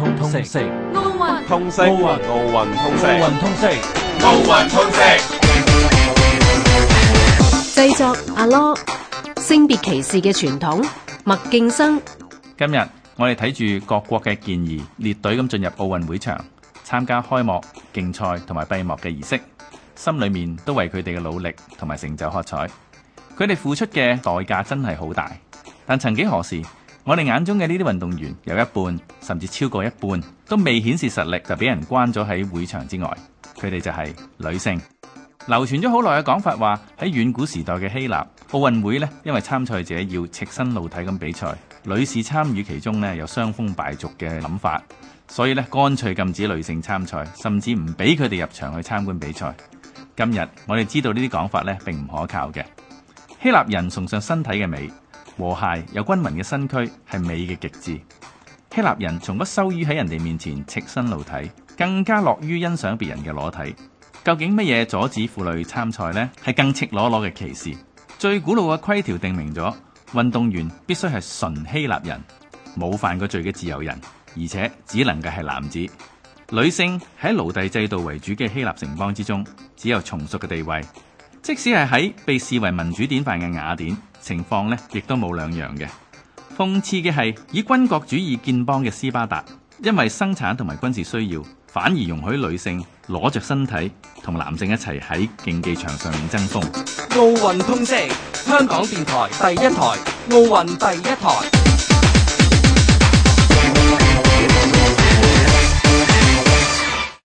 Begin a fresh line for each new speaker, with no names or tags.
通通奧食運，奧食運，奧運，運通奧食運，運通奧運通識，製作阿羅，性別歧視嘅傳統，麥敬生。今日我哋睇住各國嘅健兒列隊咁進入奧運會場，參加開幕、競賽同埋閉幕嘅儀式，心裏面都為佢哋嘅努力同埋成就喝彩。佢哋付出嘅代價真係好大，但曾幾何時，我哋眼中嘅呢啲運動員有一半甚至超過一半都未顯示實力就俾人關咗喺會場之外，佢哋就係女性。流傳咗好耐嘅講法話喺遠古時代嘅希臘奧運會咧，因為參賽者要赤身露體咁比賽，女士參與其中咧有傷風敗俗嘅諗法，所以咧乾脆禁止女性參賽，甚至唔俾佢哋入場去參觀比賽。今日我哋知道這些呢啲講法咧並唔可靠嘅。希臘人崇尚身體嘅美。和諧又均勻嘅身軀係美嘅極致。希臘人從不羞於喺人哋面前赤身露體，更加樂於欣賞別人嘅裸體。究竟乜嘢阻止婦女參賽呢？係更赤裸裸嘅歧視。最古老嘅規條定明咗，運動員必須係純希臘人，冇犯過罪嘅自由人，而且只能夠係男子。女性喺奴隸制度為主嘅希臘城邦之中，只有從屬嘅地位。即使係喺被視為民主典範嘅雅典，情況呢亦都冇兩樣嘅。諷刺嘅係，以軍國主義建邦嘅斯巴達，因為生產同埋軍事需要，反而容許女性攞着身體同男性一齊喺競技場上面爭鋒。奧運通